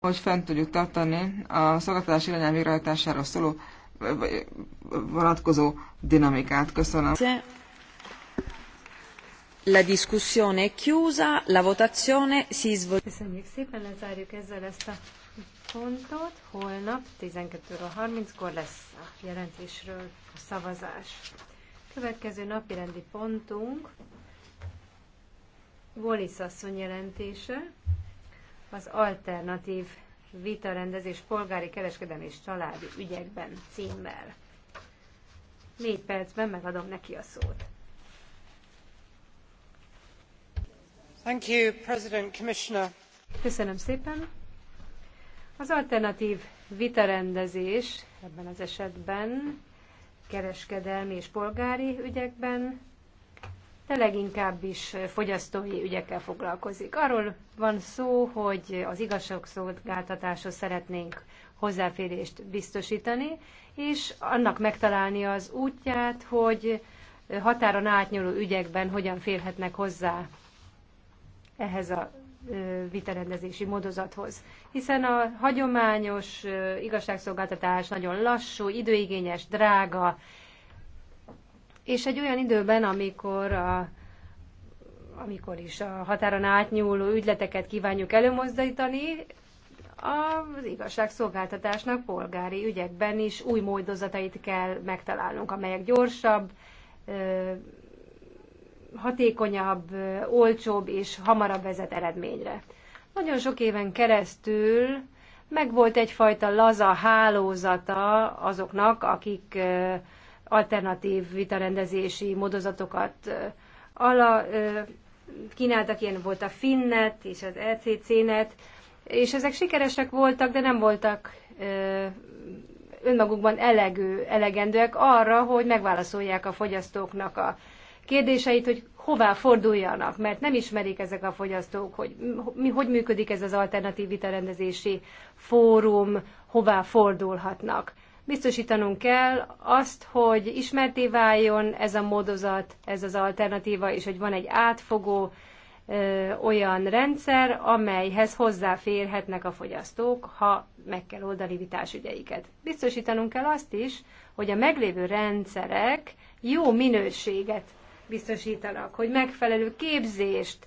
hogy fent tudjuk tartani a szolgáltatás irányelv végrehajtására szóló vonatkozó dinamikát. Köszönöm. La discussione è chiusa, la votazione si svolge. Köszönjük szépen, lezárjuk ezzel ezt a pontot. Holnap 12.30-kor lesz a jelentésről a szavazás. Következő napi rendi pontunk Wallis asszony jelentése az alternatív vitarendezés polgári kereskedelmi és családi ügyekben címmel. Négy percben megadom neki a szót. Thank you, President Commissioner. Köszönöm szépen. Az alternatív vitarendezés ebben az esetben kereskedelmi és polgári ügyekben de leginkább is fogyasztói ügyekkel foglalkozik. Arról van szó, hogy az igazságszolgáltatáshoz szeretnénk hozzáférést biztosítani, és annak megtalálni az útját, hogy határon átnyúló ügyekben hogyan férhetnek hozzá ehhez a vitarendezési módozathoz. Hiszen a hagyományos igazságszolgáltatás nagyon lassú, időigényes, drága, és egy olyan időben, amikor a amikor is a határon átnyúló ügyleteket kívánjuk előmozdítani, az igazságszolgáltatásnak polgári ügyekben is új módozatait kell megtalálnunk, amelyek gyorsabb, hatékonyabb, olcsóbb és hamarabb vezet eredményre. Nagyon sok éven keresztül megvolt egyfajta laza hálózata azoknak, akik alternatív vitarendezési módozatokat ala, kínáltak, ilyen volt a Finnet és az ECC-net, és ezek sikeresek voltak, de nem voltak önmagukban elegő, elegendőek arra, hogy megválaszolják a fogyasztóknak a kérdéseit, hogy hová forduljanak, mert nem ismerik ezek a fogyasztók, hogy mi, hogy működik ez az alternatív vitarendezési fórum, hová fordulhatnak. Biztosítanunk kell azt, hogy ismerté váljon ez a módozat, ez az alternatíva, és hogy van egy átfogó ö, olyan rendszer, amelyhez hozzáférhetnek a fogyasztók, ha meg kell oldani vitásügyeiket. Biztosítanunk kell azt is, hogy a meglévő rendszerek jó minőséget biztosítanak, hogy megfelelő képzést,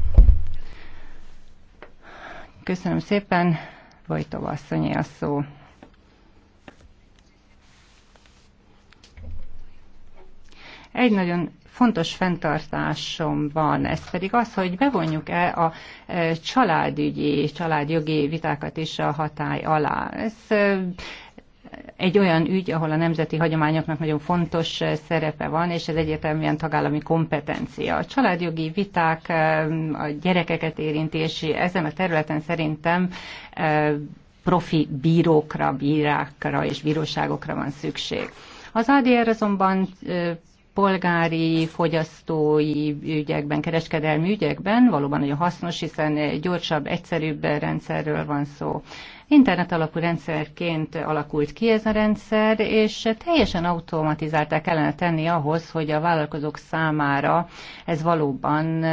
Köszönöm szépen, Vojtova asszonyi a szó. Egy nagyon fontos fenntartásom van, ez pedig az, hogy bevonjuk-e a e, családügyi, családjogi vitákat is a hatály alá. Ez e, egy olyan ügy, ahol a nemzeti hagyományoknak nagyon fontos eh, szerepe van, és ez egyértelműen tagállami kompetencia. A családjogi viták eh, a gyerekeket érintési, ezen a területen szerintem eh, profi bírókra, bírákra és bíróságokra van szükség. Az ADR azonban polgári, fogyasztói ügyekben, kereskedelmi ügyekben valóban nagyon hasznos, hiszen gyorsabb, egyszerűbb rendszerről van szó. Internet alapú rendszerként alakult ki ez a rendszer, és teljesen automatizálták kellene tenni ahhoz, hogy a vállalkozók számára ez valóban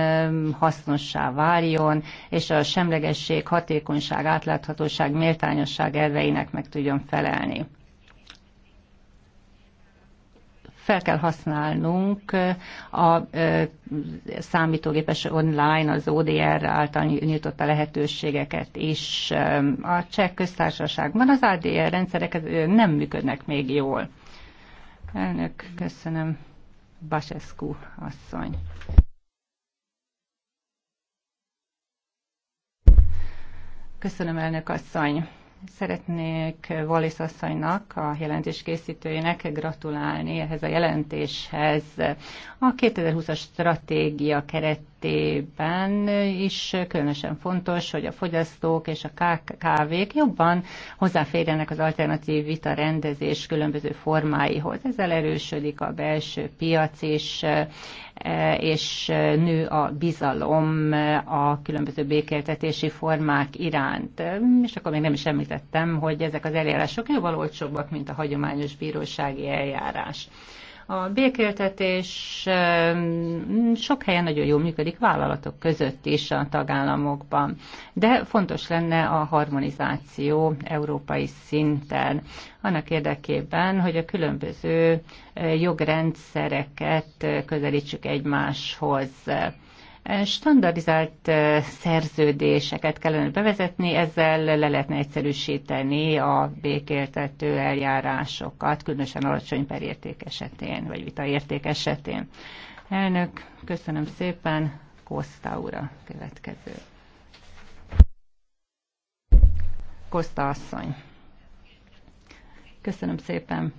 hasznossá váljon, és a semlegesség, hatékonyság, átláthatóság, méltányosság elveinek meg tudjon felelni. fel kell használnunk a számítógépes online, az ODR által nyitotta lehetőségeket is. A cseh köztársaságban az ADR rendszerek nem működnek még jól. Elnök, köszönöm. Basescu asszony. Köszönöm, elnök asszony. Szeretnék Wallis asszonynak, a jelentés készítőjének gratulálni ehhez a jelentéshez. A 2020-as stratégia keretében is különösen fontos, hogy a fogyasztók és a KKV-k jobban hozzáférjenek az alternatív vita rendezés különböző formáihoz. Ezzel erősödik a belső piac, és és nő a bizalom a különböző békéltetési formák iránt. És akkor még nem is említettem, hogy ezek az eljárások jóval olcsóbbak, mint a hagyományos bírósági eljárás. A békéltetés sok helyen nagyon jól működik, vállalatok között is a tagállamokban, de fontos lenne a harmonizáció európai szinten annak érdekében, hogy a különböző eh, jogrendszereket eh, közelítsük egymáshoz. Standardizált szerződéseket kellene bevezetni, ezzel le lehetne egyszerűsíteni a békéltető eljárásokat, különösen alacsony perérték esetén, vagy vitaérték esetén. Elnök, köszönöm szépen, Kosta ura következő. Kosta asszony. Köszönöm szépen.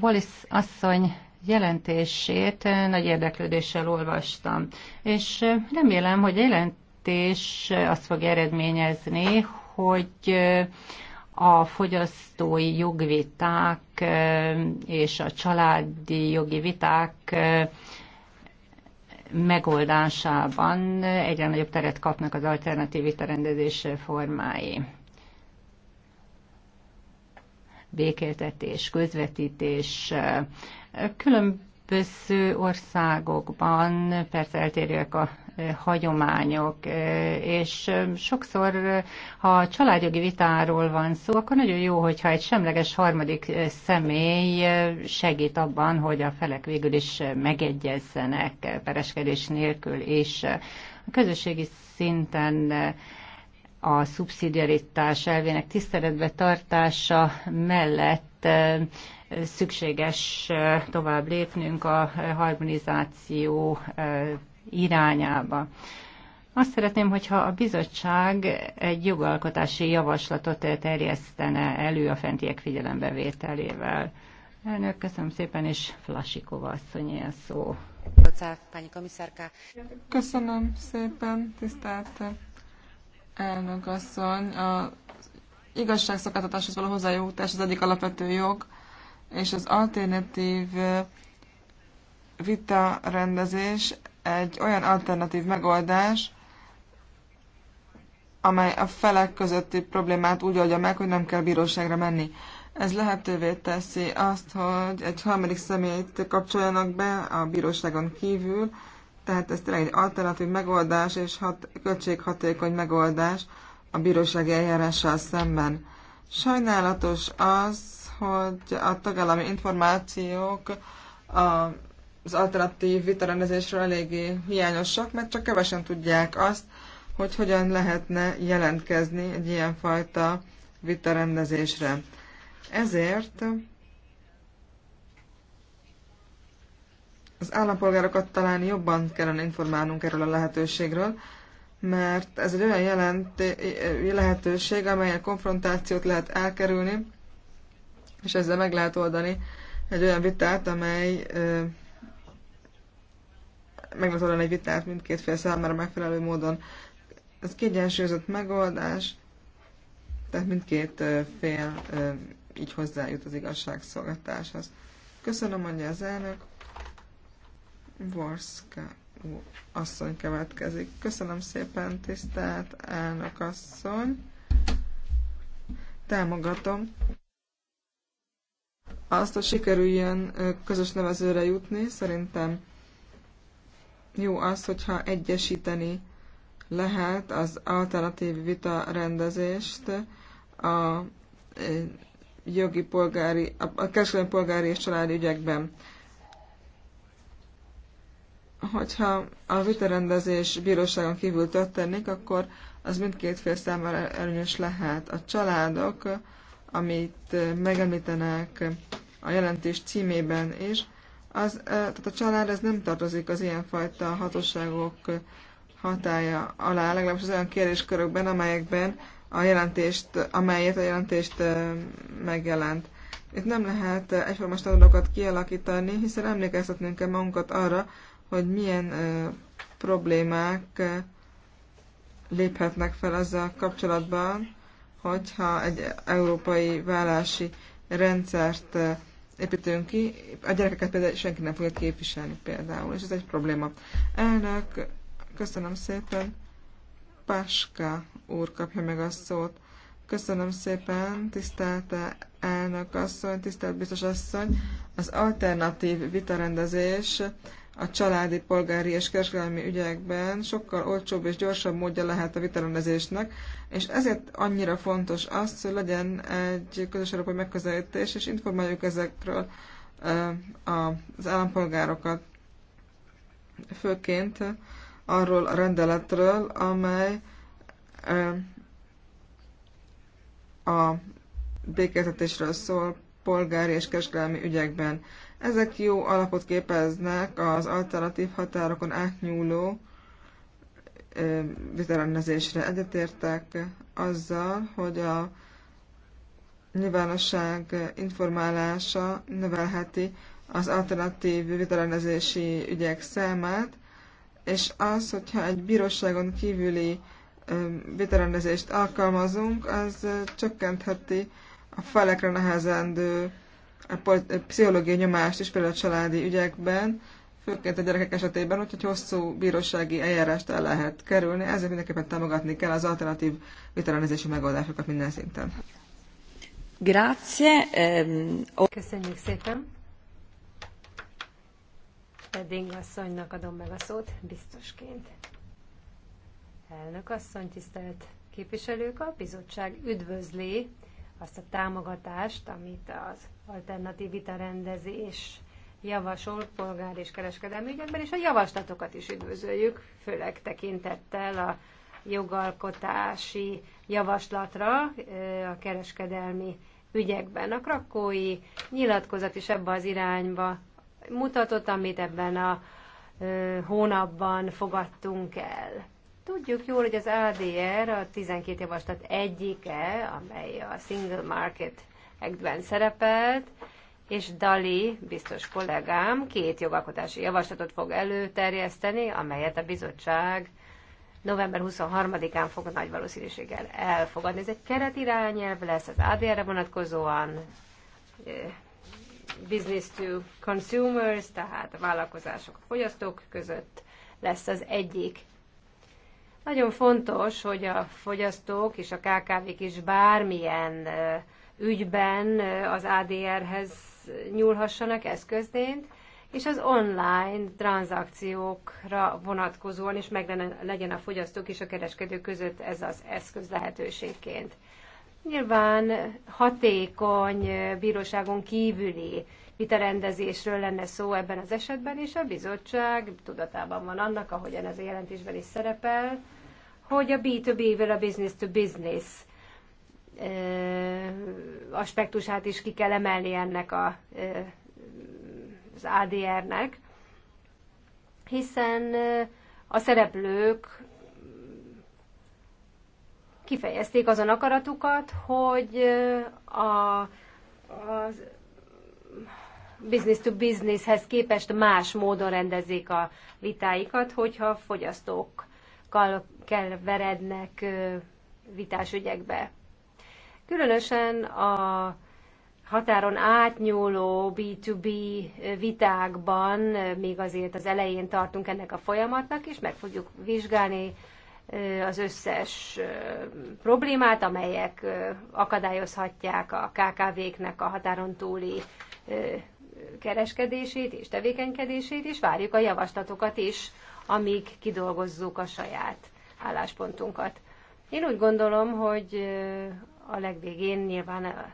Wallis asszony jelentését nagy érdeklődéssel olvastam, és remélem, hogy a jelentés azt fog eredményezni, hogy a fogyasztói jogviták és a családi jogi viták megoldásában egyre nagyobb teret kapnak az alternatív vitarendezés formái. Békéltetés, közvetítés, Különböző országokban persze eltérőek a eh, hagyományok, eh, és eh, sokszor, ha családjogi vitáról van szó, akkor nagyon jó, hogyha egy semleges harmadik személy segít abban, hogy a felek végül is megegyezzenek pereskedés nélkül, és a közösségi szinten a szubszidiaritás elvének tiszteletbe tartása mellett szükséges tovább lépnünk a harmonizáció irányába. Azt szeretném, hogyha a bizottság egy jogalkotási javaslatot terjesztene elő a fentiek figyelembevételével. Elnök, köszönöm szépen, és Flasikova asszony ilyen szó. Köszönöm szépen, tisztelt elnök asszony. A igazságszolgáltatáshoz való hozzájutás az egyik alapvető jog, és az alternatív vita rendezés egy olyan alternatív megoldás, amely a felek közötti problémát úgy oldja meg, hogy nem kell bíróságra menni. Ez lehetővé teszi azt, hogy egy harmadik személyt kapcsoljanak be a bíróságon kívül, tehát ez tényleg egy alternatív megoldás és hat, költséghatékony megoldás a bírósági eljárással szemben. Sajnálatos az, hogy a tagállami információk az alternatív vitarendezésről eléggé hiányosak, mert csak kevesen tudják azt, hogy hogyan lehetne jelentkezni egy ilyenfajta vitarendezésre. Ezért az állampolgárokat talán jobban kellene informálnunk erről a lehetőségről, mert ez egy olyan jelent, lehetőség, amelyen konfrontációt lehet elkerülni, és ezzel meg lehet oldani egy olyan vitát, amely meg lehet oldani egy vitát mindkét fél számára megfelelő módon. Ez kiegyensúlyozott megoldás, tehát mindkét fél így hozzájut az igazságszolgáltáshoz. Köszönöm, mondja az elnök. Vorska asszony következik. Köszönöm szépen, tisztelt elnök asszony. Támogatom azt, hogy sikerüljön közös nevezőre jutni, szerintem jó az, hogyha egyesíteni lehet az alternatív vita rendezést a jogi polgári, a kereskedelmi polgári és családi ügyekben hogyha a vitarendezés bíróságon kívül történik, akkor az mindkét fél számára előnyös lehet. A családok, amit megemlítenek a jelentés címében is, az, eh, tehát a család ez nem tartozik az ilyenfajta hatóságok hatája alá, legalábbis az olyan kérdéskörökben, amelyekben a jelentést, amelyet a jelentést eh, megjelent. Itt nem lehet eh, egyforma standardokat kialakítani, hiszen emlékeztetnünk kell magunkat arra, hogy milyen problémák léphetnek fel azzal kapcsolatban, hogyha egy európai vállási rendszert építünk ki, a gyerekeket például senki nem fogja képviselni például, és ez egy probléma. Elnök, köszönöm szépen, Páska úr kapja meg a szót. Köszönöm szépen, tisztelt elnök asszony, tisztelt biztos asszony. Az alternatív vitarendezés a családi, polgári és kereskedelmi ügyekben sokkal olcsóbb és gyorsabb módja lehet a vitarendezésnek, és ezért annyira fontos az, hogy legyen egy közös európai megközelítés, és informáljuk ezekről az állampolgárokat, főként arról a rendeletről, amely a békéltetésről szól polgári és kereskedelmi ügyekben. Ezek jó alapot képeznek az alternatív határokon átnyúló vitarendezésre. Egyetértek azzal, hogy a nyilvánosság informálása növelheti az alternatív vitarendezési ügyek számát, és az, hogyha egy bíróságon kívüli vitarendezést alkalmazunk, az csökkentheti a felekre nehezendő a pszichológiai nyomást is például a családi ügyekben, főként a gyerekek esetében, úgyhogy hosszú bírósági eljárást el lehet kerülni, ezért mindenképpen támogatni kell az alternatív vitalizási megoldásokat minden szinten. Grazie. Ehm, Köszönjük szépen. Pedig asszonynak adom meg a szót, biztosként. Elnök asszony, tisztelt képviselők, a bizottság üdvözli azt a támogatást, amit az alternatív vitarendezés javasol polgár és kereskedelmi ügyekben, és a javaslatokat is üdvözöljük, főleg tekintettel a jogalkotási javaslatra a kereskedelmi ügyekben. A krakói nyilatkozat is ebbe az irányba mutatott, amit ebben a hónapban fogadtunk el. Tudjuk jól, hogy az ADR a 12 javaslat egyike, amely a Single Market Act-ben szerepelt, és Dali, biztos kollégám, két jogalkotási javaslatot fog előterjeszteni, amelyet a bizottság november 23-án fog nagy valószínűséggel elfogadni. Ez egy keretirányelv lesz az ADR-re vonatkozóan, eh, business to consumers, tehát a vállalkozások a fogyasztók között lesz az egyik nagyon fontos, hogy a fogyasztók és a KKV-k is bármilyen ügyben az ADR-hez nyúlhassanak eszközként, és az online tranzakciókra vonatkozóan is meg legyen a fogyasztók és a kereskedők között ez az eszköz lehetőségként. Nyilván hatékony bíróságon kívüli vitarendezésről lenne szó ebben az esetben, és a bizottság tudatában van annak, ahogyan ez a jelentésben is szerepel, hogy a B2B-vel a business-to-business aspektusát is ki kell emelni ennek a, az ADR-nek, hiszen a szereplők kifejezték azon akaratukat, hogy a, a business to businesshez képest más módon rendezik a vitáikat, hogyha fogyasztók magukkal kell verednek vitás ügyekbe. Különösen a határon átnyúló B2B vitákban még azért az elején tartunk ennek a folyamatnak, és meg fogjuk vizsgálni az összes problémát, amelyek akadályozhatják a KKV-knek a határon túli kereskedését és tevékenykedését, és várjuk a javaslatokat is amíg kidolgozzuk a saját álláspontunkat. Én úgy gondolom, hogy a legvégén nyilván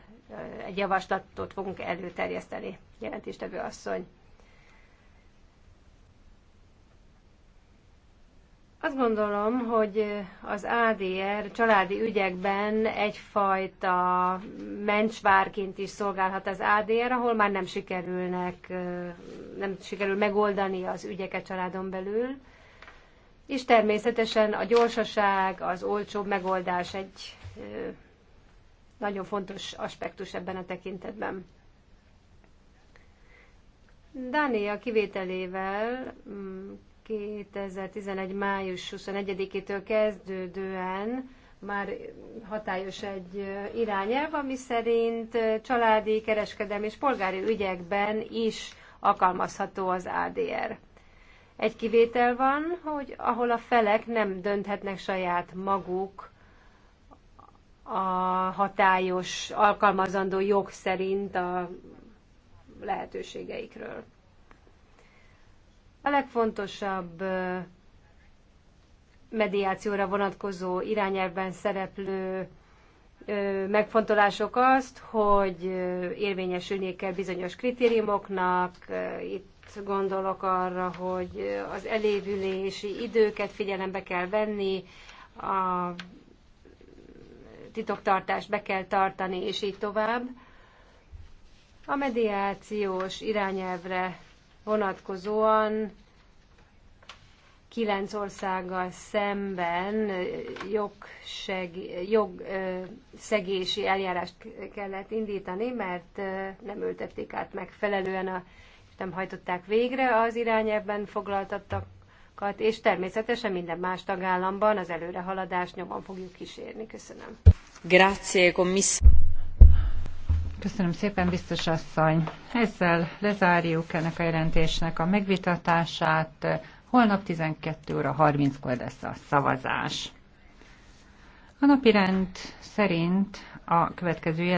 egy javaslatot fogunk előterjeszteni, jelentéstevő asszony. Azt gondolom, hogy az ADR családi ügyekben egyfajta mencsvárként is szolgálhat az ADR, ahol már nem sikerülnek, nem sikerül megoldani az ügyeket családon belül. És természetesen a gyorsaság, az olcsóbb megoldás egy nagyon fontos aspektus ebben a tekintetben. Dánia kivételével mm, 2011. május 21-től kezdődően már hatályos egy irányelv, ami szerint családi, kereskedelmi és polgári ügyekben is alkalmazható az ADR. Egy kivétel van, hogy ahol a felek nem dönthetnek saját maguk a hatályos, alkalmazandó jog szerint a lehetőségeikről. A legfontosabb mediációra vonatkozó irányelvben szereplő megfontolások azt, hogy érvényesülnie kell bizonyos kritériumoknak, itt gondolok arra, hogy az elévülési időket figyelembe kell venni, a titoktartást be kell tartani, és így tovább. A mediációs irányelvre vonatkozóan kilenc országgal szemben jogseg, jogszegési eljárást kellett indítani, mert nem ültették át megfelelően, a, nem hajtották végre az irányelvben foglaltattakat, és természetesen minden más tagállamban az előrehaladást nyomon fogjuk kísérni. Köszönöm. Grazie, commissario. Köszönöm szépen, biztos asszony. Ezzel lezárjuk ennek a jelentésnek a megvitatását. Holnap 12 óra 30-kor lesz a szavazás. A napirend szerint a következő jelentés.